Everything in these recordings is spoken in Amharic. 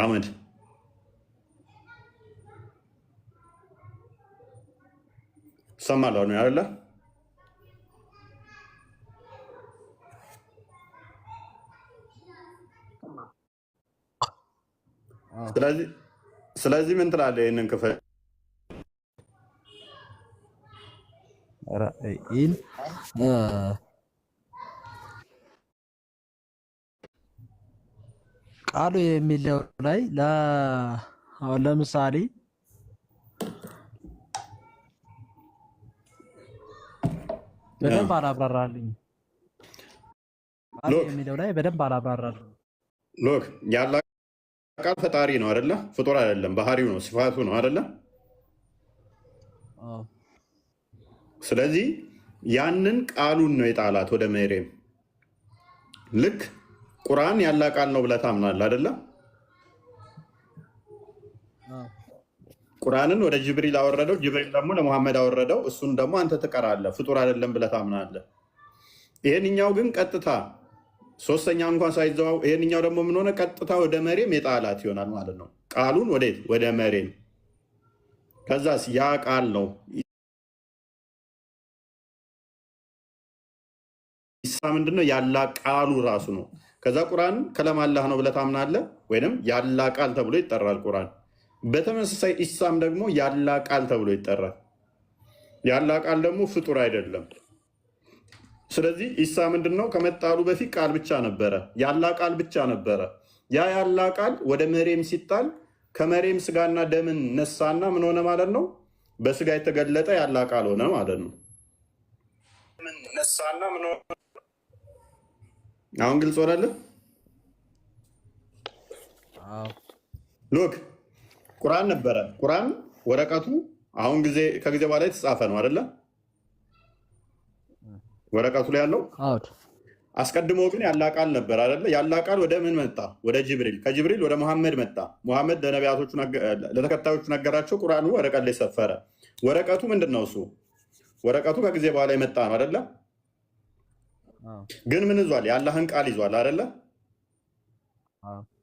አህመድ ትሰማለህ አሁን አይደለ? ስለዚህ ምን ትላለህ? ይህንን ክፍል ቃሉ የሚለው ላይ ለምሳሌ በደንብ አላብራራልኝ የሚለው ላይ በደንብ አላብራራልኝ። ሎክ ያላ ቃል ፈጣሪ ነው አደለ? ፍጡር አይደለም፣ ባህሪው ነው፣ ስፋቱ ነው አደለ? ስለዚህ ያንን ቃሉን ነው የጣላት ወደ መሬም ልክ ቁርአን ያላ ቃል ነው ብለህ ታምናለህ አይደለም? ቁርአንን ወደ ጅብሪል አወረደው፣ ጅብሪል ደግሞ ለሙሐመድ አወረደው። እሱን ደግሞ አንተ ትቀራለህ፣ ፍጡር አይደለም ብለህ ታምናለህ። ይህንኛው ግን ቀጥታ ሶስተኛ እንኳን ሳይዘዋው፣ ይህንኛው ደግሞ ምን ሆነ? ቀጥታ ወደ መሬም የጣላት ይሆናል ማለት ነው። ቃሉን ወዴት? ወደ መሬም። ከዛስ ያ ቃል ነው ኢሳ ምንድነው? ያላ ቃሉ ራሱ ነው። ከዛ ቁርአን ከለም አላህ ነው ብለህ ታምናለህ፣ ወይም ያላ ቃል ተብሎ ይጠራል ቁርአን። በተመሳሳይ ኢሳም ደግሞ ያላ ቃል ተብሎ ይጠራል። ያላ ቃል ደግሞ ፍጡር አይደለም። ስለዚህ ኢሳ ምንድን ነው? ከመጣሉ በፊት ቃል ብቻ ነበረ፣ ያላ ቃል ብቻ ነበረ። ያ ያላ ቃል ወደ መሬም ሲጣል ከመሬም ስጋና ደምን ነሳና ምን ሆነ ማለት ነው? በስጋ የተገለጠ ያላ ቃል ሆነ ማለት ነው። ነሳና ምን ሆነ አሁን ግልጽ ሆናለ። ሎክ ቁርአን ነበረ። ቁርአን ወረቀቱ አሁን ጊዜ ከጊዜ በኋላ የተጻፈ ነው አይደለ? ወረቀቱ ላይ ያለው አስቀድሞ ግን ያላ ቃል ነበር አይደለ? ያላ ቃል ወደ ምን መጣ? ወደ ጅብሪል። ከጅብሪል ወደ መሐመድ መጣ። መሐመድ ለነቢያቶቹ ለተከታዮቹ ነገራቸው። ቁርአኑ ወረቀት ላይ ሰፈረ። ወረቀቱ ምንድን ነው? እሱ ወረቀቱ ከጊዜ በኋላ የመጣ ነው አይደለ? ግን ምን ይዟል? የአላህን ቃል ይዟል አይደለ?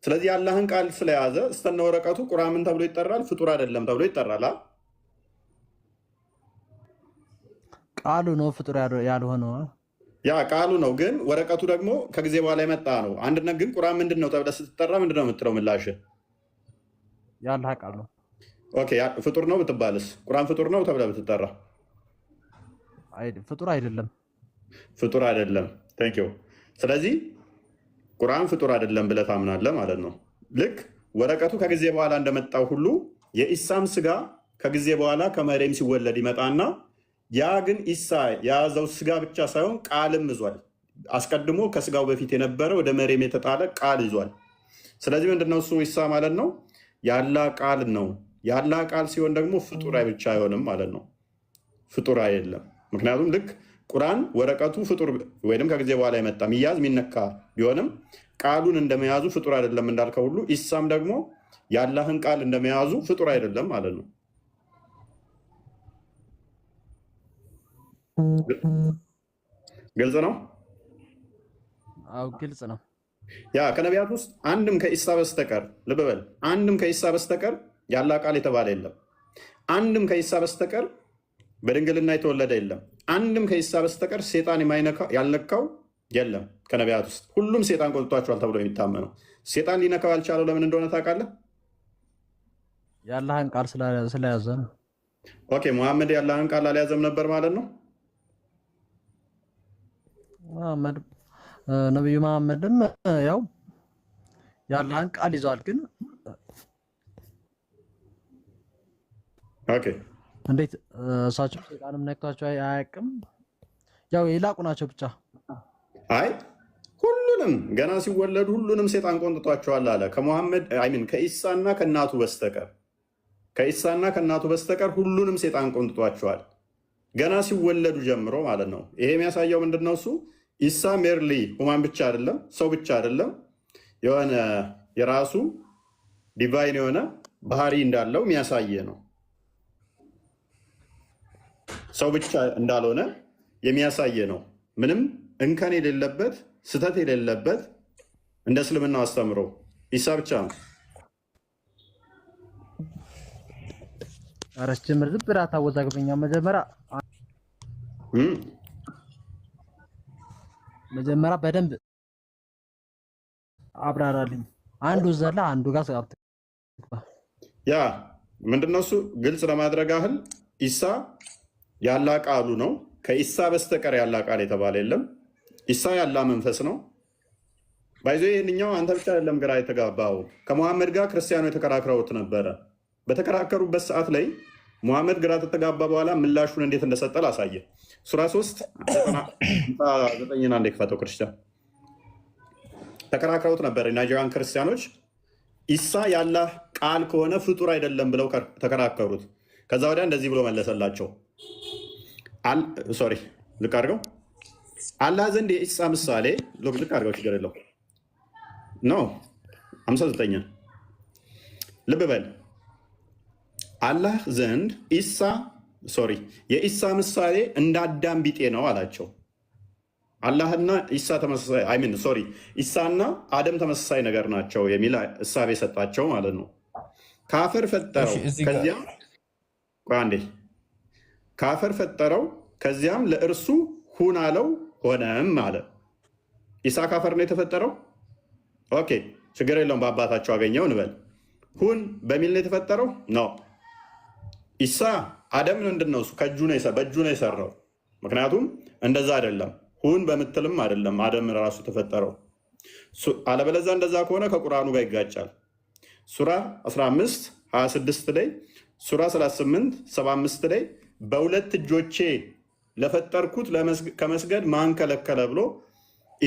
ስለዚህ የአላህን ቃል ስለያዘ እስተነ ወረቀቱ ቁርአን ምን ተብሎ ይጠራል? ፍጡር አይደለም ተብሎ ይጠራል። ቃሉ ነው ፍጡር ያልሆነው ያ ቃሉ ነው። ግን ወረቀቱ ደግሞ ከጊዜ በኋላ የመጣ ነው። አንድነት ግን ቁርአን ምንድን ነው ተብለህ ስትጠራ ምንድን ነው የምትለው? ምላሽ ያለህ ቃል ነው። ኦኬ ፍጡር ነው ብትባልስ? ቁርአን ፍጡር ነው ተብለህ ብትጠራ ፍጡር አይደለም ፍጡር አይደለም። ቴንክ ዩ። ስለዚህ ቁርአን ፍጡር አይደለም ብለህ ታምናለህ ማለት ነው። ልክ ወረቀቱ ከጊዜ በኋላ እንደመጣው ሁሉ የኢሳም ስጋ ከጊዜ በኋላ ከመሬም ሲወለድ ይመጣና ያ ግን ኢሳ የያዘው ስጋ ብቻ ሳይሆን ቃልም ይዟል። አስቀድሞ ከስጋው በፊት የነበረ ወደ መሬም የተጣለ ቃል ይዟል። ስለዚህ ምንድነው እሱ ኢሳ ማለት ነው ያላ ቃል ነው። ያላ ቃል ሲሆን ደግሞ ፍጡር ብቻ አይሆንም ማለት ነው። ፍጡር አይለም ምክንያቱም ልክ ቁርአን ወረቀቱ ፍጡር ወይም ከጊዜ በኋላ የመጣ ሚያዝ የሚነካ ቢሆንም ቃሉን እንደመያዙ ፍጡር አይደለም እንዳልከ ሁሉ ኢሳም ደግሞ የአላህን ቃል እንደመያዙ ፍጡር አይደለም ማለት ነው። ግልጽ ነው። አዎ ግልጽ ነው። ያ ከነቢያት ውስጥ አንድም ከኢሳ በስተቀር ልብ በል አንድም ከኢሳ በስተቀር ያላ ቃል የተባለ የለም። አንድም ከኢሳ በስተቀር በድንግልና የተወለደ የለም። አንድም ከኢሳ በስተቀር ሴጣን ያልነካው የለም ከነቢያት ውስጥ ሁሉም ሴጣን ቆጥቷቸዋል ተብሎ የሚታመነው ሴጣን ሊነካው ያልቻለው ለምን እንደሆነ ታውቃለህ? የአላህን ቃል ስለያዘ ነው። ኦኬ ሙሐመድ የአላህን ቃል አልያዘም ነበር ማለት ነው። ሙሐመድ ነቢዩ መሐመድም ያው የአላህን ቃል ይዟል ግን ኦኬ እንዴት እሳቸው ሴጣንም ነክቷቸው አያውቅም? ያው የላቁ ናቸው ብቻ። አይ ሁሉንም ገና ሲወለዱ ሁሉንም ሴጣን ቆንጥጧቸዋል አለ። ከሙሐመድ ሚን ከኢሳና ከእናቱ በስተቀር ከኢሳና ከእናቱ በስተቀር ሁሉንም ሴጣን ቆንጥጧቸዋል ገና ሲወለዱ ጀምሮ ማለት ነው። ይሄ የሚያሳየው ምንድን ነው? እሱ ኢሳ ሜርሊ ሁማን ብቻ አይደለም፣ ሰው ብቻ አይደለም፣ የሆነ የራሱ ዲቫይን የሆነ ባህሪ እንዳለው የሚያሳየ ነው። ሰው ብቻ እንዳልሆነ የሚያሳየ ነው። ምንም እንከን የሌለበት ስህተት የሌለበት እንደ እስልምና አስተምሮ ኢሳ ብቻ ነው። ኧረ ጀምር ዝም ብለህ አታወዛግበኛ። መጀመሪያ መጀመሪያ በደንብ አብራራልኝ። አንዱ ዘላ አንዱ ጋር ያ ምንድነው እሱ ግልጽ ለማድረግ አህል ኢሳ ያላ ቃሉ ነው። ከኢሳ በስተቀር ያላ ቃል የተባለ የለም። ኢሳ ያላ መንፈስ ነው። ባይዞ ይህንኛው አንተ ብቻ አይደለም ግራ የተጋባው። ከመሐመድ ጋር ክርስቲያኑ የተከራክረውት ነበረ። በተከራከሩበት ሰዓት ላይ ሙሐመድ ግራ ተተጋባ በኋላ ምላሹን እንዴት እንደሰጠ ላሳየ። ሱራ 3 ዘጠኝና እንደ ክፈተው ክርስቲያን ተከራክረውት ነበረ። ናይጄሪያን ክርስቲያኖች ኢሳ ያላህ ቃል ከሆነ ፍጡር አይደለም ብለው ተከራከሩት። ከዛ ወዲያ እንደዚህ ብሎ መለሰላቸው። ሶሪ ልክ አድርገው አላህ ዘንድ የኢሳ ምሳሌ ልክ አድርገው ችግር የለው ኖ አምሳ ዘጠኛ ልብ በል አላህ ዘንድ ኢሳ ሶሪ የኢሳ ምሳሌ እንደ አዳም ቢጤ ነው አላቸው። አላህና ኢሳ ተመሳሳይ አይሚን ሶሪ ኢሳና አደም ተመሳሳይ ነገር ናቸው የሚል እሳቤ ሰጣቸው ማለት ነው። ካፈር ፈጠረው ከዚያም አንዴ ከአፈር ፈጠረው፣ ከዚያም ለእርሱ ሁን አለው፣ ሆነም አለ። ኢሳ ካፈር ነው የተፈጠረው። ኦኬ ችግር የለውም በአባታቸው አገኘው እንበል። ሁን በሚል ነው የተፈጠረው ነው። ኢሳ አደም ምንድን ነው እሱ በእጁ ነው የሰራው። ምክንያቱም እንደዛ አይደለም ሁን በምትልም አይደለም አደም ራሱ ተፈጠረው። አለበለዛ እንደዛ ከሆነ ከቁርአኑ ጋር ይጋጫል። ሱራ 15 26 ላይ ሱራ 38 75 ላይ በሁለት እጆቼ ለፈጠርኩት ከመስገድ ማን ከለከለ ብሎ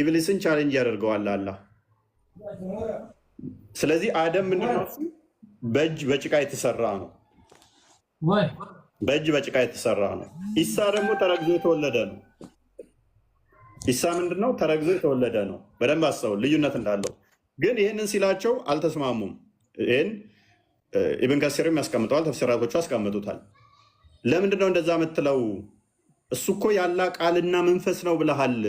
ኢብሊስን ቻሌንጅ ያደርገዋል አላህ። ስለዚህ አደም ምንድነው? በእጅ በጭቃ የተሰራ ነው። በእጅ በጭቃ የተሰራ ነው። ኢሳ ደግሞ ተረግዞ የተወለደ ነው። ኢሳ ምንድነው? ተረግዞ የተወለደ ነው። በደንብ አስተው ልዩነት እንዳለው ግን ይህንን ሲላቸው አልተስማሙም። ይህን ኢብን ከሲርም ያስቀምጠዋል፣ ተፍሲራቶቹ ያስቀምጡታል። ለምንድን ነው እንደዛ የምትለው? እሱ እኮ ያላ ቃልና መንፈስ ነው ብለሃል።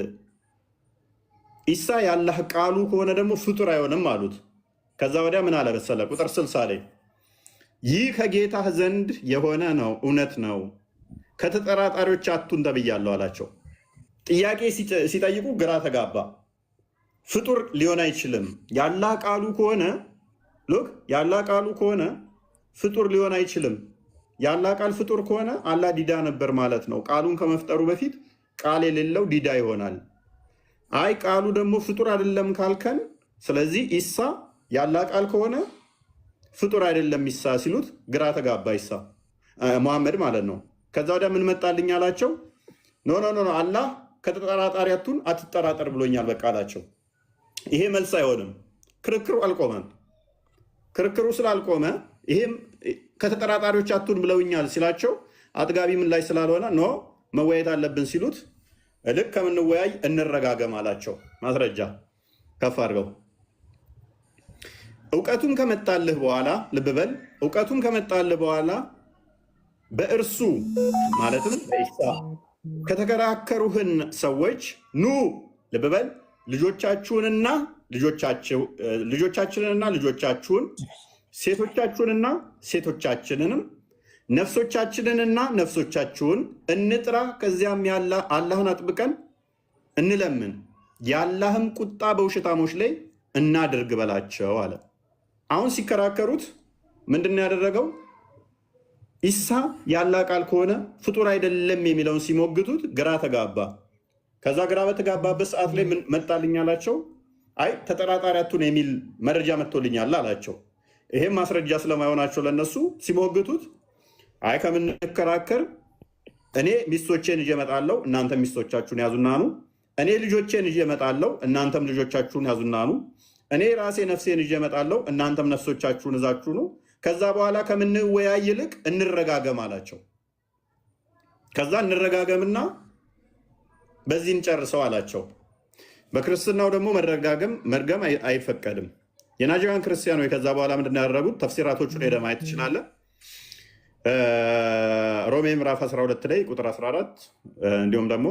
ኢሳ ያላህ ቃሉ ከሆነ ደግሞ ፍጡር አይሆንም አሉት። ከዛ ወዲያ ምን አለ መሰለ ቁጥር ስልሳ ላይ ይህ ከጌታህ ዘንድ የሆነ ነው እውነት ነው፣ ከተጠራጣሪዎች አቱን ተብያለሁ አላቸው። ጥያቄ ሲጠይቁ ግራ ተጋባ። ፍጡር ሊሆን አይችልም። የአላህ ቃሉ ከሆነ ሉክ የአላህ ቃሉ ከሆነ ፍጡር ሊሆን አይችልም። ያላ ቃል ፍጡር ከሆነ አላ ዲዳ ነበር ማለት ነው። ቃሉን ከመፍጠሩ በፊት ቃል የሌለው ዲዳ ይሆናል። አይ ቃሉ ደግሞ ፍጡር አይደለም ካልከን፣ ስለዚህ ኢሳ ያላ ቃል ከሆነ ፍጡር አይደለም ኢሳ ሲሉት ግራ ተጋባ። ኢሳ መሐመድ ማለት ነው። ከዛ ወዲያ ምን መጣልኝ አላቸው። ኖ ኖ ኖ አላህ ከተጠራጣሪያቱን አትጠራጠር ብሎኛል በቃ አላቸው። ይሄ መልስ አይሆንም። ክርክሩ አልቆመም። ክርክሩ ስላልቆመ ይሄም ከተጠራጣሪዎች አትሁን ብለውኛል ሲላቸው አጥጋቢ ላይ ስላልሆነ ኖ መወያየት አለብን ሲሉት ልክ ከምንወያይ እንረጋገም አላቸው። ማስረጃ ከፍ አድርገው እውቀቱም ከመጣልህ በኋላ ልብ በል እውቀቱም ከመጣልህ በኋላ በእርሱ ማለትም በኢሳ ከተከራከሩህን ሰዎች ኑ ልብ በል ልጆቻችሁንና ልጆቻችንንና ልጆቻችሁን ሴቶቻችሁንና ሴቶቻችንንም ነፍሶቻችንንና ነፍሶቻችሁን እንጥራ። ከዚያም አላህን አጥብቀን እንለምን፣ የአላህም ቁጣ በውሸታሞች ላይ እናድርግ በላቸው አለ። አሁን ሲከራከሩት ምንድን ያደረገው? ኢሳ ያላ ቃል ከሆነ ፍጡር አይደለም የሚለውን ሲሞግቱት ግራ ተጋባ። ከዛ ግራ በተጋባበት ሰዓት ላይ መጣልኝ አላቸው። አይ ተጠራጣሪያቱን የሚል መረጃ መጥቶልኛል አላቸው። ይሄም ማስረጃ ስለማይሆናቸው ለነሱ ሲሞግቱት አይ ከምንከራከር እኔ ሚስቶቼን ይዤ እመጣለሁ፣ እናንተም ሚስቶቻችሁን ያዙና ኑ። እኔ ልጆቼን ይዤ እመጣለሁ፣ እናንተም ልጆቻችሁን ያዙና ኑ። እኔ ራሴ ነፍሴን ይዤ እመጣለሁ፣ እናንተም ነፍሶቻችሁን እዛችሁ ኑ። ከዛ በኋላ ከምንወያይ ይልቅ እንረጋገም አላቸው። ከዛ እንረጋገምና በዚህ እንጨርሰው አላቸው። በክርስትናው ደግሞ መረጋገም መርገም አይፈቀድም። የናጂያን ክርስቲያኖች ከዛ በኋላ ምንድን ያደረጉት ተፍሲራቶቹ ላይ ለማየት ትችላለ። ሮሜ ምዕራፍ 12 ላይ ቁጥር 14 እንዲሁም ደግሞ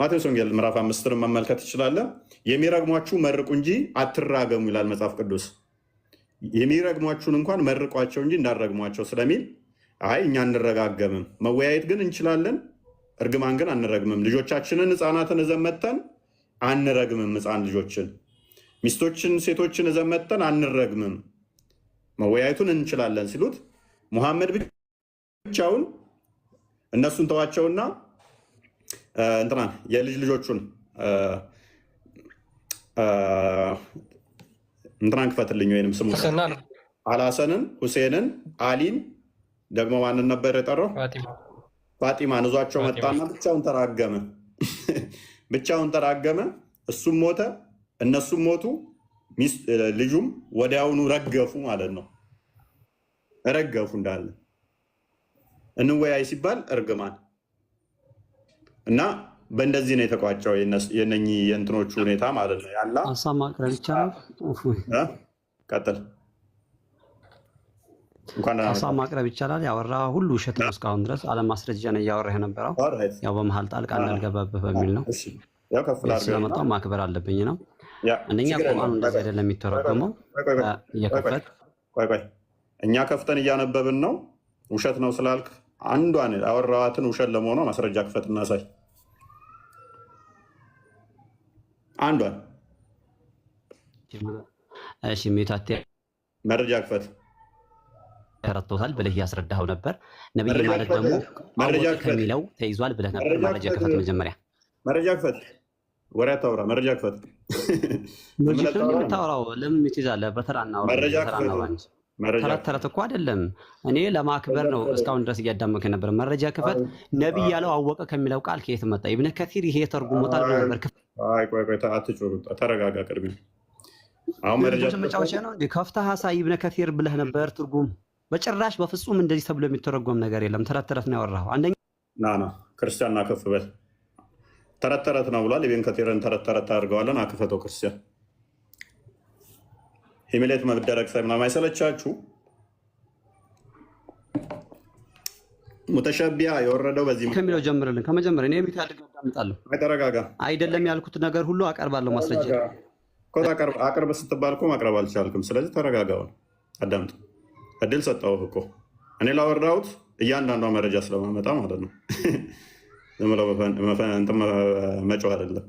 ማቴዎስ ወንጌል ምዕራፍ አምስትን መመልከት ትችላለ። የሚረግሟችሁ መርቁ እንጂ አትራገሙ ይላል መጽሐፍ ቅዱስ። የሚረግሟችሁን እንኳን መርቋቸው እንጂ እንዳረግሟቸው ስለሚል አይ እኛ አንረጋገምም፣ መወያየት ግን እንችላለን፣ እርግማን ግን አንረግምም። ልጆቻችንን ህፃናትን እዘመተን አንረግምም ህፃን ልጆችን ሚስቶችን፣ ሴቶችን እዘን አንረግምም መወያየቱን እንችላለን ሲሉት ሙሐመድ ብቻውን እነሱን ተዋቸውና እንትናን የልጅ ልጆቹን እንትናን ክፈትልኝ ወይም ስሙ አላሰንን፣ ሁሴንን፣ አሊን ደግሞ ማንን ነበር የጠራው? ፋጢማን እዟቸው መጣና ብቻውን ተራገመ። ብቻውን ተራገመ። እሱም ሞተ። እነሱም ሞቱ፣ ልጁም ወዲያውኑ ረገፉ ማለት ነው። ረገፉ እንዳለ እንወያይ ሲባል እርግማን እና በእንደዚህ ነው የተቋጨው የነኚህ የእንትኖቹ ሁኔታ ማለት ነው። ያላ ሀሳብ ማቅረብ ይቻላል። ቀጥል ሀሳብ ማቅረብ ይቻላል። ያወራ ሁሉ ውሸት ነው። እስካሁን ድረስ አለማስረጃ ነው እያወራ የነበረው። ያው በመሀል ጣልቃ እንዳልገባበት በሚል ነው ስለመጣው ማክበር አለብኝ ነው አንደኛ ቁርአኑ እንደዚህ አይደለም የሚተረጎመው። ቆይ ቆይ፣ እኛ ከፍተን እያነበብን ነው። ውሸት ነው ስላልክ አንዷን አወራዋትን ውሸት ለመሆኗ ማስረጃ ክፈት እናሳይ። አንዷን መረጃ ክፈት ተረቶታል ብለህ ያስረዳኸው ነበር። ነብይ ማለት ደግሞ ከሚለው ተይዟል ብለህ ነበር። መረጃ ክፈት መጀመሪያ መረጃ ክፈት ወሬ አታውራ፣ መረጃ ክፈት። የምታወራው ለምን ትይዛለህ? በተራ እናውራ። ተረት እኮ አይደለም። እኔ ለማክበር ነው እስካሁን ድረስ እያዳመክ ነበር። መረጃ ክፈት። ነቢይ ያለው አወቀ ከሚለው ቃል ከየት መጣ? ኢብነ ከሲር ይሄ ተርጉም ሞጣል ነበር። ተረጋጋ። ቅድሚ አሁን መረጃ መጫወቻ ነው እንዴ? ከፍተህ ሀሳ ኢብነ ከሲር ብለህ ነበር ትርጉም። በጭራሽ በፍጹም እንደዚህ ተብሎ የሚተረጎም ነገር የለም። ተረት ተረት ነው ያወራኸው። አንደኛ ና ና ክርስቲያን ና ከፍበት ተረት ተረት ነው ብሏል። ኢብን ከቲርን ተረት ተረት አድርገዋለን። አክፈተው ክርስቲያን ሂሚሌት መደረግ ሳይምናም አይሰለቻችሁ። ሙተሸቢያ የወረደው በዚህ ከሚለው ጀምርልን። ከመጀመር እኔ ቤት አድርግ አዳምጣለሁ። ተረጋጋ። አይደለም ያልኩት ነገር ሁሉ አቀርባለሁ። ማስረጃ አቅርብ ስትባል እኮ ማቅረብ አልቻልክም። ስለዚህ ተረጋጋውን አዳምጥ። እድል ሰጠው እኮ እኔ ላወራሁት እያንዳንዷ መረጃ ስለማመጣ ማለት ነው። ዝም ብለው መጮህ አይደለም።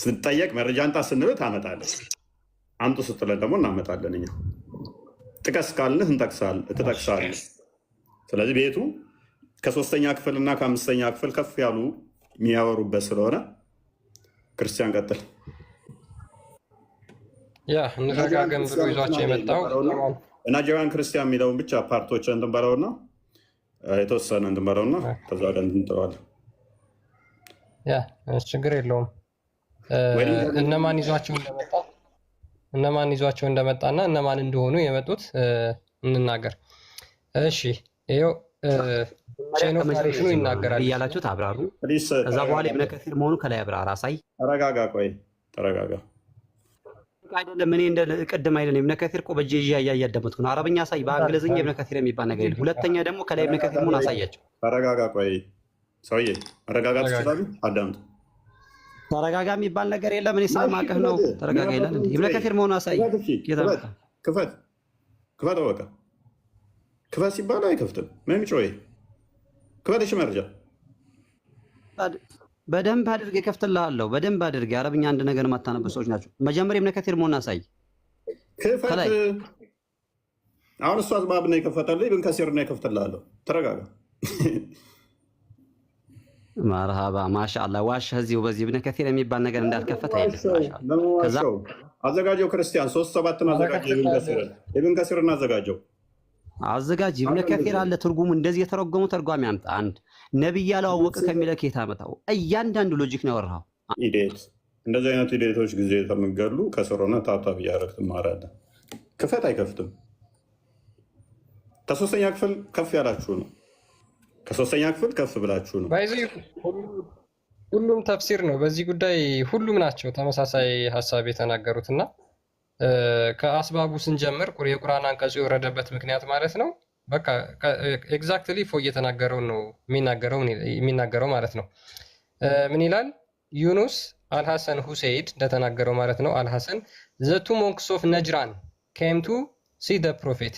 ስንጠየቅ መረጃ አንጣ ስንል ታመጣለህ፣ አምጡ ስትለን ደግሞ እናመጣለን። እኛ ጥቀስ ካልንህ ትጠቅሳለህ። ስለዚህ ቤቱ ከሶስተኛ ክፍል እና ከአምስተኛ ክፍል ከፍ ያሉ የሚያወሩበት ስለሆነ ክርስቲያን ቀጥል። ያ እንረጋገም ብሎ ይዟቸው የመጣው ናጀራን ክርስቲያን የሚለውን ብቻ ፓርቶች እንትን በለውና የተወሰነ እንድመረው እንድመረውና ከዛ ወደ እንጥለዋለን። ያ ችግር የለውም። እነማን ይዟቸው እንደመጣ እነማን ይዟቸው እንደመጣ እንደመጣና እነማን እንደሆኑ የመጡት እንናገር። እሺ ይኸው ኦፕሬሽኑ ይናገራል እያላችሁት አብራሩ። ከዛ በኋላ የብነ መሆኑ ከላይ አብራራ አሳይ። ተረጋጋ፣ ቆይ ተረጋጋ። አይደለም እኔ እንደ ቅድም አይደለም ኢብነ እኮ በእጄ ይዤ እያዳመጥኩ ነው። አረብኛ አሳይ፣ በእንግሊዝኛ ኢብነ የሚባል ነገር የለም። ሁለተኛ ደግሞ ከላይ ኢብነ መሆን አሳያቸው። ተረጋጋ። ቆይ ሰውዬ መረጋጋት ይችላሉ። አዳምጡ። ተረጋጋ የሚባል ነገር የለም። እኔ ስለማውቅህ ነው ተረጋጋ ይላል። ኢብነ ከሲር መሆን አሳይ። ክፈት ክፈት፣ በቃ ክፈት ሲባል አይከፍትም። ምንም ጮይ ክፈት። እሺ መረጃ በደንብ አድርገ እከፍትልሃለሁ። በደንብ አድርገ አረብኛ አንድ ነገር የማታነበት ሰዎች ናቸው። መጀመሪያ ኢብነ መሆን አሳይ። አሁን እሷ አዝባብ ነው የከፈተልህ። ብን ከሲር ነው የከፍትልሃለሁ። ተረጋጋ። መርሃባ ማሻአላ። ዋሽ እዚሁ በዚህ ኢብነ የሚባል ነገር እንዳልከፈት አዘጋጀው። ክርስቲያን ሶስት ሰባትን አዘጋጀው። ኢብን ከሲርን አዘጋጀው፣ አዘጋጅ። ኢብነ አለ ትርጉሙ እንደዚህ የተረጎሙ ተርጓሚ አንድ ነቢይ ያላወቀ ከሚለው ከየት አመጣው? እያንዳንዱ ሎጂክ ነው ያወራኸው። ኢዴት እንደዚህ አይነት ኢዴቶች ጊዜ ተመገሉ ከሰሮነ ታብታብ እያደረግ ትማራለህ። ክፈት አይከፍትም። ከሶስተኛ ክፍል ከፍ ያላችሁ ነው። ከሶስተኛ ክፍል ከፍ ብላችሁ ነው። ሁሉም ተፍሲር ነው። በዚህ ጉዳይ ሁሉም ናቸው ተመሳሳይ ሀሳብ የተናገሩትና ከአስባቡ ስንጀምር የቁርአን አንቀጹ የወረደበት ምክንያት ማለት ነው በቃ ኤግዛክትሊ ፎ እየተናገረው ነው የሚናገረው ማለት ነው። ምን ይላል ዩኑስ አልሐሰን ሁሴይድ እንደተናገረው ማለት ነው። አልሐሰን ዘቱ ሞንክስ ኦፍ ነጅራን ኬም ሲ ደ ፕሮፌት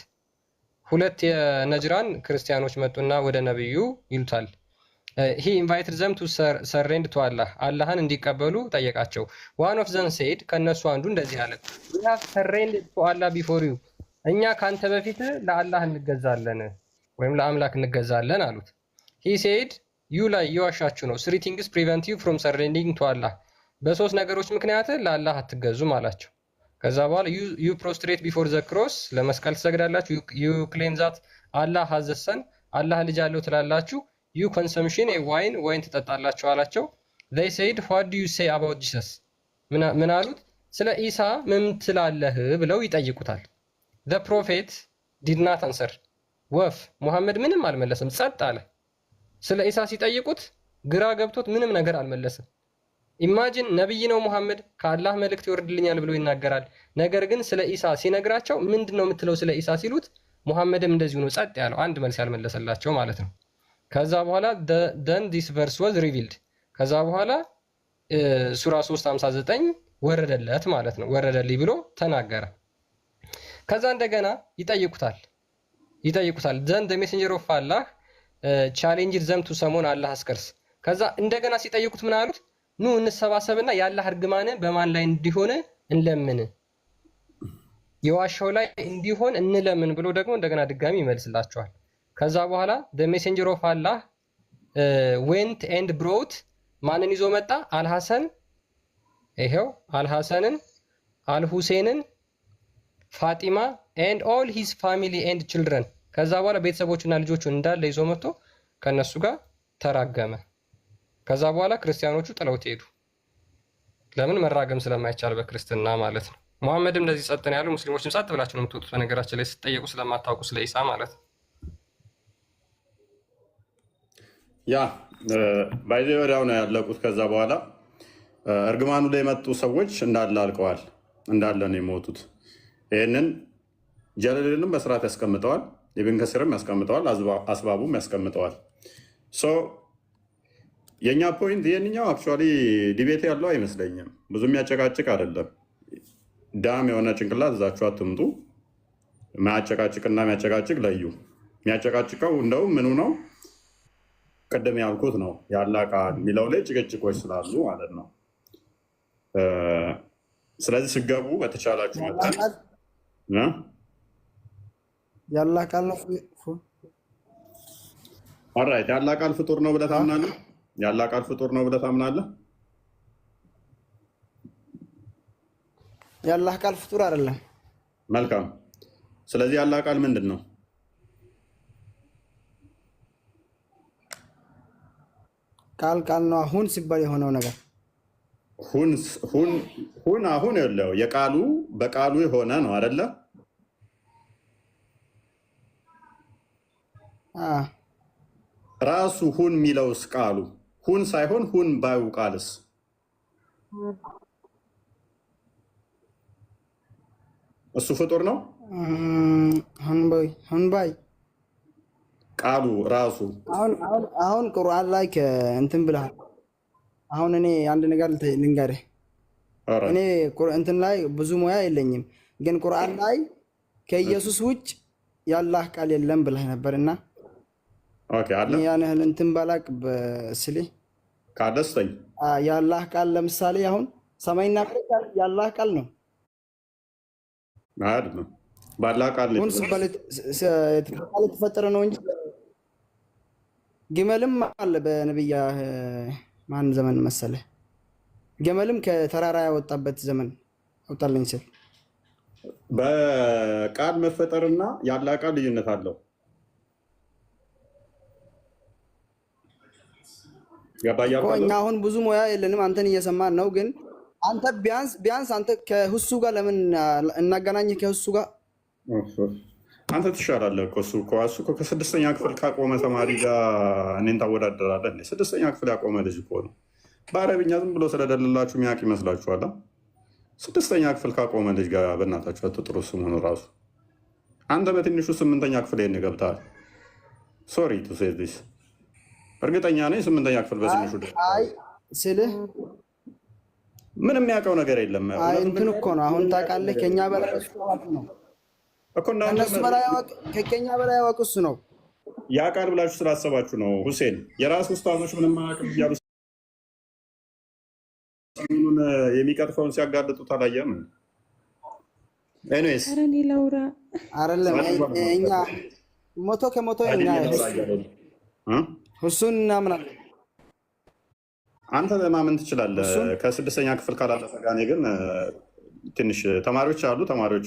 ሁለት የነጅራን ክርስቲያኖች መጡና ወደ ነብዩ ይሉታል። ሂ ኢንቫይትድ ዘም ቱ ሰሬንድ ቱ አላህ አላህን እንዲቀበሉ ጠየቃቸው። ዋን ኦፍ ዘን ሴድ ከእነሱ አንዱ እንደዚህ አለ ሰሬንድ ቱ አላህ ቢፎር ዩ እኛ ካንተ በፊት ለአላህ እንገዛለን ወይም ለአምላክ እንገዛለን አሉት። ሂ ሴድ ዩ ላይ የዋሻችሁ ነው። ስሪ ቲንግስ ፕሪቨንት ዩ ፍሮም ሰረንዲንግ ቱ አላህ በሶስት ነገሮች ምክንያት ለአላህ አትገዙም አላቸው። ከዛ በኋላ ዩ ፕሮስትሬት ቢፎር ዘ ክሮስ ለመስቀል ትሰግዳላችሁ። ዩ ክሌም ዛት አላህ አዘሰን አላህ ልጅ አለው ትላላችሁ። ዩ ኮንሰምሽን ዋይን ወይን ትጠጣላችሁ አላቸው። ዘይ ሴድ ዋት ዱ ዩ ሴይ አባውት ጂሰስ ምን አሉት? ስለ ኢሳ ምን ትላለህ ብለው ይጠይቁታል። ፕሮፌት ዲድናት አንሰር ወፍ ሙሐመድ ምንም አልመለስም፣ ጸጥ አለ። ስለ ኢሳ ሲጠይቁት ግራ ገብቶት ምንም ነገር አልመለስም። ኢማጂን ነቢይ ነው ሙሐመድ ከአላህ መልእክት ይወርድልኛል ብሎ ይናገራል። ነገር ግን ስለ ኢሳ ሲነግራቸው ምንድን ነው የምትለው ስለ ኢሳ ሲሉት ሙሐመድም እንደዚሁ ነው ጸጥ ያለው፣ አንድ መልስ ያልመለሰላቸው ማለት ነው። ከዛ በኋላ ደን ዲስ ቨርስ ወዝ ሪቪልድ ከዛ በኋላ ሱራ 359 ወረደለት ማለት ነው። ወረደልኝ ብሎ ተናገረ። ከዛ እንደገና ይጠይቁታል ይጠይቁታል ዘንድ ሜሴንጀር ኦፍ አላህ ቻሌንጅድ ዘምቱ ሰሞን አላህ አስቀርስ። ከዛ እንደገና ሲጠይቁት ምን አሉት? ኑ እንሰባሰብና የአላህ እርግማን በማን ላይ እንዲሆን እንለምን፣ የዋሻው ላይ እንዲሆን እንለምን ብሎ ደግሞ እንደገና ድጋሚ ይመልስላቸዋል። ከዛ በኋላ ሜሴንጀር ኦፍ አላህ ዌንት ኤንድ ብሮት ማንን ይዞ መጣ? አልሐሰን ይሄው አልሐሰንን አልሁሴንን ፋጢማ ኤንድ ኦል ሂዝ ፋሚሊ ኤንድ ችልድረን። ከዛ በኋላ ቤተሰቦቹና ልጆቹ እንዳለ ይዞ መጥቶ ከነሱ ጋር ተራገመ። ከዛ በኋላ ክርስቲያኖቹ ጥለውት ሄዱ። ለምን? መራገም ስለማይቻል በክርስትና ማለት ነው። ሙሐመድም እንደዚህ ጸጥ ነው ሙስሊሞችም ጸጥ ብላችሁ ነው የምትወጡት። በነገራችን ላይ ስትጠየቁ ስለማታውቁ ስለ ኢሳ ማለት ነው። ያ ባይዘ ወዲያው ነው ያለቁት። ከዛ በኋላ እርግማኑ ላይ የመጡ ሰዎች እንዳለ አልቀዋል፣ እንዳለ ነው የሞቱት። ይህንን ጀለልንም በስርዓት ያስቀምጠዋል። ኢብን ከሲርም ያስቀምጠዋል። አስባቡም ያስቀምጠዋል። የእኛ ፖይንት ይህንኛው አክቹዋሊ ዲቤት ያለው አይመስለኝም። ብዙ የሚያጨቃጭቅ አይደለም። ዳም የሆነ ጭንቅላት እዛችሁ አትምጡ። ማያጨቃጭቅና የሚያጨቃጭቅ ለዩ። የሚያጨቃጭቀው እንደውም ምኑ ነው? ቅድም ያልኩት ነው ያላ ቃል የሚለው ላይ ጭቅጭቆች ስላሉ ማለት ነው። ስለዚህ ስገቡ በተቻላችሁ መጠን የአላህ ቃል ነው። ኦራይት የአላህ ቃል ፍጡር ነው ብለህ ታምናለህ? ቃል ፍጡር ነው ብለህ ታምናለህ? የአላህ ቃል ፍጡር አይደለም። መልካም። ስለዚህ የአላህ ቃል ምንድን ነው? ቃል ቃል ነው። አሁን ሲባል የሆነው ነገር ሁን አሁን የለው የቃሉ በቃሉ የሆነ ነው አይደለም ራሱ ሁን የሚለውስ ቃሉ ሁን ሳይሆን ሁን ባዩ ቃልስ እሱ ፍጡር ነው? ሁን ባይ ቃሉ ራሱ አሁን ቁርአን ላይ እንትን ብለሃል። አሁን እኔ አንድ ነገር ልንገርህ። እኔ እንትን ላይ ብዙ ሙያ የለኝም፣ ግን ቁርአን ላይ ከኢየሱስ ውጭ ያላህ ቃል የለም ብለህ ነበር እና ያን ያህል እንትን ባላቅ በስሌ ካደስተኝ የአላህ ቃል ለምሳሌ አሁን ሰማይና ምድር የአላህ ቃል ነው ነው ነው እንጂ ግመልም አለ በነብያ ማን ዘመን መሰለ ግመልም ከተራራ ያወጣበት ዘመን አውጣለኝ ስል በቃል መፈጠርና ያላህ ቃል ልዩነት አለው። እኛ አሁን ብዙ ሙያ የለንም፣ አንተን እየሰማን ነው። ግን አንተ ቢያንስ ቢያንስ አንተ ከሱ ጋር ለምን እናገናኝ? ከሱ ጋር አንተ ትሻላለህ እኮ እሱ እኮ እሱ እኮ ከስድስተኛ ክፍል ካቆመ ተማሪ ጋር እኔን ታወዳደራለህ? ስድስተኛ ክፍል ያቆመ ልጅ እኮ ነው። በአረብኛ ዝም ብሎ ስለደለላችሁ ሚያውቅ ይመስላችኋል? ስድስተኛ ክፍል ካቆመ ልጅ ጋር በእናታችሁ አትጥሩ። ስሙን ራሱ አንተ በትንሹ ስምንተኛ ክፍል ገብተሃል። ሶሪ ቱ ሴ ዲስ እርግጠኛ ነኝ ስምንተኛ ክፍል በትንሹ ስልህ ምን የሚያውቀው ነገር የለም። እንትን እኮ ነው አሁን ታውቃለህ፣ ከኛ በላይ ነው እኮ እነሱ በላይ ከኛ በላይ ያወቅ እሱ ነው ያውቃል ብላችሁ ስላሰባችሁ ነው። ሁሴን የራስ ውስጣዞች ምንም አያውቅም እያሉ ሰሜኑን የሚቀጥፈውን ሲያጋልጡት አላየም። ኤኒዌይስ ኧረ እኔ ላውራ አይደለም እኛ መቶ ከመቶ እሱን እናምናለን። አንተ ማመን ትችላለህ ከስድስተኛ ክፍል ካላለፈ ጋር። ግን ትንሽ ተማሪዎች አሉ። ተማሪዎች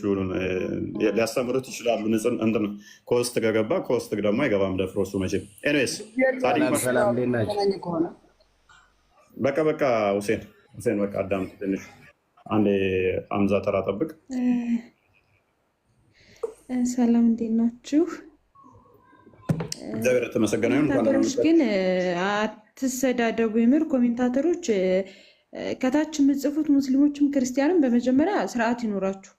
ሊያስተምሩት ይችላሉ። ከውስጥ ከገባ ከውስጥ ደግሞ አይገባም ደፍሮ እሱ መቼም። ኤኒዌይስ በቃ በቃ ሁሴን ሁሴን በቃ አዳምጥ ትንሽ አንዴ አምዛ ተራ ጠብቅ። ሰላም እንዴት ናችሁ? እግዚአብሔር ተመሰገነ። ግን አትሰዳደቡ። የምር ኮሜንታተሮች ከታች የምጽፉት ሙስሊሞችም ክርስቲያንም በመጀመሪያ ስርዓት ይኖራችሁ።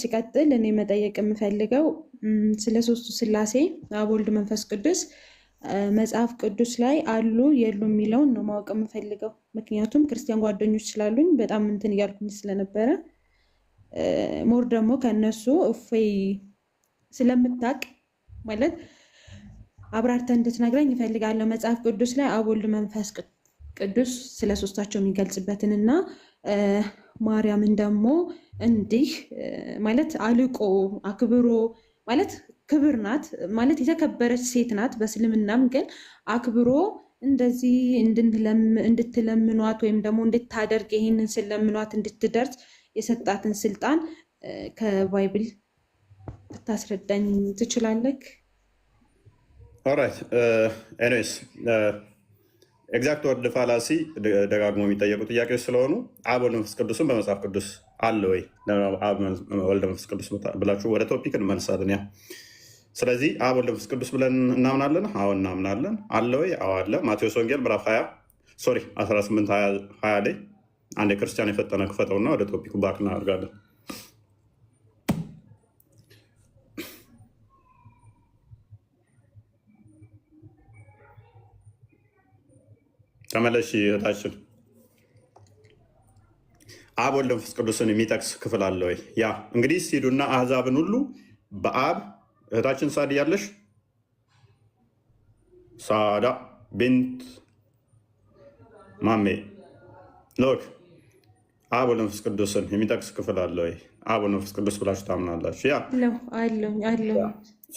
ሲቀጥል እኔ መጠየቅ የምፈልገው ስለ ሶስቱ ስላሴ አብ፣ ወልድ፣ መንፈስ ቅዱስ መጽሐፍ ቅዱስ ላይ አሉ የሉ የሚለውን ነው ማወቅ የምፈልገው። ምክንያቱም ክርስቲያን ጓደኞች ስላሉኝ በጣም እንትን እያልኩኝ ስለነበረ ሞር ደግሞ ከእነሱ እፎይ ስለምታቅ ማለት አብራርተ እንድትነግረኝ ይፈልጋለሁ። መጽሐፍ ቅዱስ ላይ አብ ወልድ መንፈስ ቅዱስ ስለ ሶስታቸው የሚገልጽበትን እና ማርያምን ደግሞ እንዲህ ማለት አልቆ አክብሮ ማለት ክብር ናት ማለት የተከበረች ሴት ናት። በእስልምናም ግን አክብሮ እንደዚህ እንድትለምኗት ወይም ደግሞ እንድታደርግ ይህንን ስለምኗት እንድትደርስ የሰጣትን ስልጣን ከባይብል ልታስረዳኝ ትችላለህ? ኦራይት ኤኒዌይስ ኤግዛክት ወርድ ፋላሲ ደጋግሞ የሚጠየቁ ጥያቄዎች ስለሆኑ አብ ወልድ መንፈስ ቅዱስን በመጽሐፍ ቅዱስ አለ ወይ አብ ወልድ መንፈስ ቅዱስ ብላችሁ ወደ ቶፒክ እንመልሳለን። ያ ስለዚህ አብ ወልድ መንፈስ ቅዱስ ብለን እናምናለን። አዎ እናምናለን። አለ ወይ? አዎ አለ። ማቴዎስ ወንጌል ምዕራፍ 20 ሶሪ 18 20 ላይ አንድ የክርስቲያን የፈጠነ ክፈተውና ወደ ቶፒኩ ባክ እናደርጋለን። ተመለሽ እህታችን። አብ ወልድ መንፈስ ቅዱስን የሚጠቅስ ክፍል አለ ወይ? ያ እንግዲህ ሲሄዱና አህዛብን ሁሉ በአብ እህታችን ሳድ ያለሽ ሳዳ ቢንት ማሜ ሎክ አብ ወልድ መንፈስ ቅዱስን የሚጠቅስ ክፍል አለ ወይ? አብ ወልድ መንፈስ ቅዱስ ብላችሁ ታምናላችሁ? ያ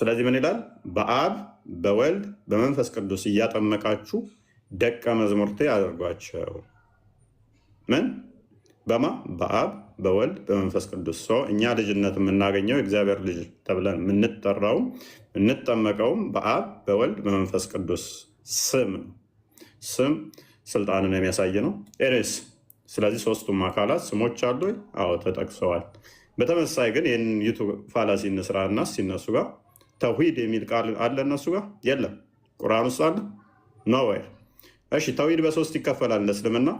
ስለዚህ ምን ይላል? በአብ በወልድ በመንፈስ ቅዱስ እያጠመቃችሁ ደቀ መዝሙርቴ አድርጓቸው። ምን በማ በአብ በወልድ በመንፈስ ቅዱስ ሰው እኛ ልጅነት የምናገኘው እግዚአብሔር ልጅ ተብለን የምንጠራውም የምንጠመቀውም በአብ በወልድ በመንፈስ ቅዱስ ስም ነው። ስም ስልጣንን የሚያሳይ ነው። ኤሬስ ስለዚህ ሶስቱም አካላት ስሞች አሉ። አዎ ተጠቅሰዋል። በተመሳይ ግን ይህን ዩቱ ፋላሲ እንስራ እና ሲነሱ ጋር ተውሂድ የሚል ቃል አለ እነሱ ጋር የለም። ቁርአን ውስጥ አለ ኖዌር እሺ ተውሂድ በሶስት ይከፈላል። እንደ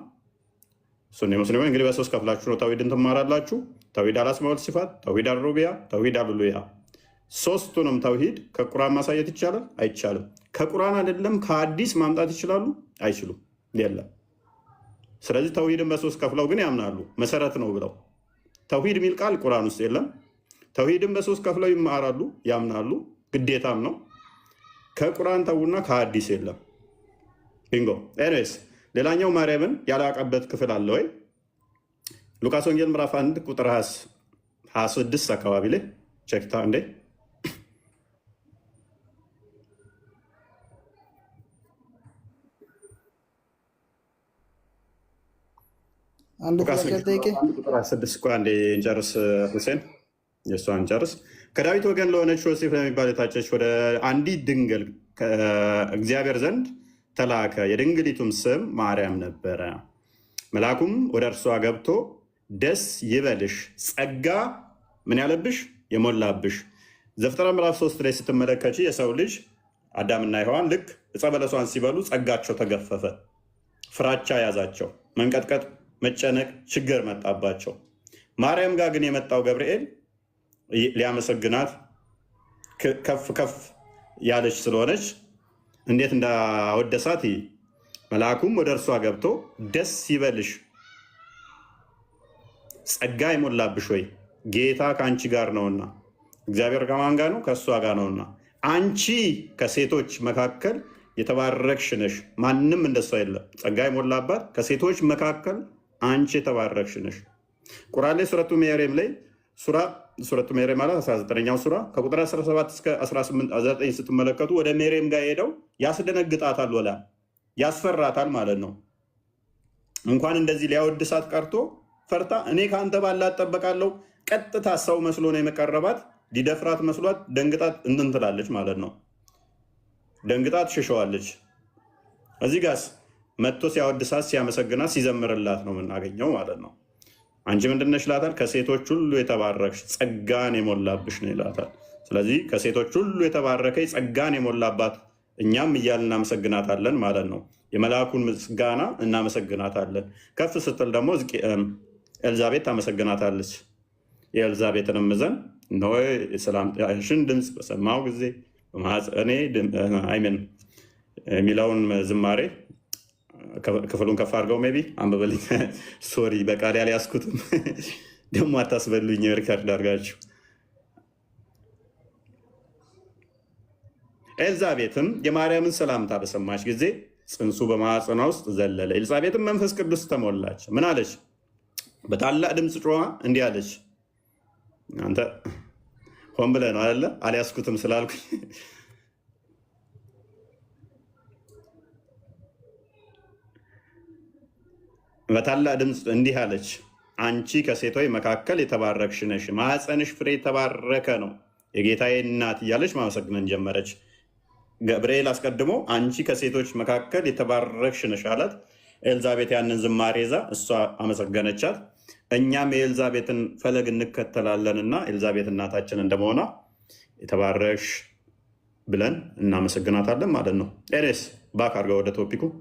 ሱኒ ሙስሊሙ እንግዲህ በሶስት ከፍላችሁ ነው ተውሂድን ትማራላችሁ። ተውሂድ አላስማውል ሲፋት፣ ተውሂድ አልሩቢያ፣ ተውሂድ አልሉያ። ሶስቱንም ተውሂድ ከቁርአን ማሳየት ይቻላል አይቻልም? ከቁርአን አይደለም ከአዲስ ማምጣት ይችላሉ አይችሉም? የለም። ስለዚህ ተውሂድን በሶስት ከፍለው ግን ያምናሉ መሰረት ነው ብለው ተውሂድ የሚል ቃል ቁርአን ውስጥ የለም። ተውሂድን በሶስት ከፍለው ይማራሉ ያምናሉ፣ ግዴታም ነው። ከቁርአን ተውና ከአዲስ የለም ንጎ ኤኒዌይስ ሌላኛው ማርያምን ያላቀበት ክፍል አለ ወይ? ሉቃስ ወንጌል ምዕራፍ 1 ቁጥር 26 አካባቢ ላይ ቸክታ እንዴ ሁሴን እንጨርስ። ከዳዊት ወገን ለሆነች ዮሴፍ ለሚባል የታጨች ወደ አንዲት ድንግል እግዚአብሔር ዘንድ ተላከ። የድንግሊቱም ስም ማርያም ነበረ። መልአኩም ወደ እርሷ ገብቶ ደስ ይበልሽ፣ ጸጋ ምን ያለብሽ የሞላብሽ። ዘፍጥረት ምዕራፍ ሶስት ላይ ስትመለከች የሰው ልጅ አዳምና ሔዋን ልክ ዕፀ በለሷን ሲበሉ ጸጋቸው ተገፈፈ፣ ፍራቻ ያዛቸው፣ መንቀጥቀጥ፣ መጨነቅ፣ ችግር መጣባቸው። ማርያም ጋር ግን የመጣው ገብርኤል ሊያመሰግናት ከፍ ከፍ ያለች ስለሆነች እንዴት እንዳወደሳት መልአኩም ወደ እርሷ ገብቶ ደስ ይበልሽ፣ ጸጋ ይሞላብሽ ወይ ጌታ ከአንቺ ጋር ነውና። እግዚአብሔር ከማን ጋር ነው? ከእሷ ጋር ነውና። አንቺ ከሴቶች መካከል የተባረክሽ ነሽ፣ ማንም እንደሷ የለም። ጸጋ ይሞላባት ከሴቶች መካከል አንቺ የተባረክሽ ነሽ። ቁራሌ ላይ ሱረቱ መርየም ላይ ሱራ ሱረቱ መሬም ማለት 19ኛው ሱራ ከቁጥር 17 እስከ 19 ስትመለከቱ ወደ ሜሬም ጋር ሄደው ያስደነግጣታል፣ ወላ ያስፈራታል ማለት ነው። እንኳን እንደዚህ ሊያወድሳት ቀርቶ ፈርታ እኔ ከአንተ ባላት ጠበቃለሁ። ቀጥታ ሰው መስሎ ነው የመቀረባት። ሊደፍራት መስሏት ደንግጣት እንትን ትላለች ማለት ነው። ደንግጣት ሽሸዋለች። እዚህ ጋስ መጥቶ ሲያወድሳት ሲያመሰግናት ሲዘምርላት ነው የምናገኘው ማለት ነው። አንቺ ምንድነሽ ይላታል። ከሴቶች ሁሉ የተባረክሽ ጸጋን የሞላብሽ ነው ይላታል። ስለዚህ ከሴቶች ሁሉ የተባረከ ጸጋን የሞላባት እኛም እያል እናመሰግናታለን ማለት ነው። የመልአኩን ምስጋና እናመሰግናታለን። ከፍ ስትል ደግሞ ኤልዛቤት ታመሰግናታለች። የኤልዛቤትን ምዘን እነሆ የሰላምታሽን ድምፅ በሰማው ጊዜ በማኅፀኔ አይሜን የሚለውን ዝማሬ ክፍሉን ከፍ አድርገው ሜይ ቢ አንብበልኝ። ሶሪ በቃሪ ያለ ደግሞ አታስበሉኝ ሪከርድ አድርጋችሁ ኤልዛቤትም የማርያምን ሰላምታ በሰማች ጊዜ ጽንሱ በማኅፀኗ ውስጥ ዘለለ። ኤልዛቤትም መንፈስ ቅዱስ ተሞላች። ምን አለች? በታላቅ ድምፅ ጮዋ እንዲህ አለች። አንተ ሆን ብለህ ነው አለ አልያዝኩትም ስላልኩኝ በታላቅ ድምፅ እንዲህ አለች፣ አንቺ ከሴቶች መካከል የተባረክሽ ነሽ፣ ፍሬ የተባረከ ነው፣ የጌታዬ እናት እያለች ማመሰግነን ጀመረች። ገብርኤል አስቀድሞ አንቺ ከሴቶች መካከል የተባረክሽ ነሽ አላት። ኤልዛቤት ያንን ዝማሬ ይዛ እሷ አመሰገነቻት። እኛም የኤልዛቤትን ፈለግ እንከተላለንና ኤልዛቤት እናታችን እንደመሆኗ የተባረክሽ ብለን እናመሰግናታለን ማለት ነው። ኤሬስ ባክ አድርጋ ወደ ቶፒኩ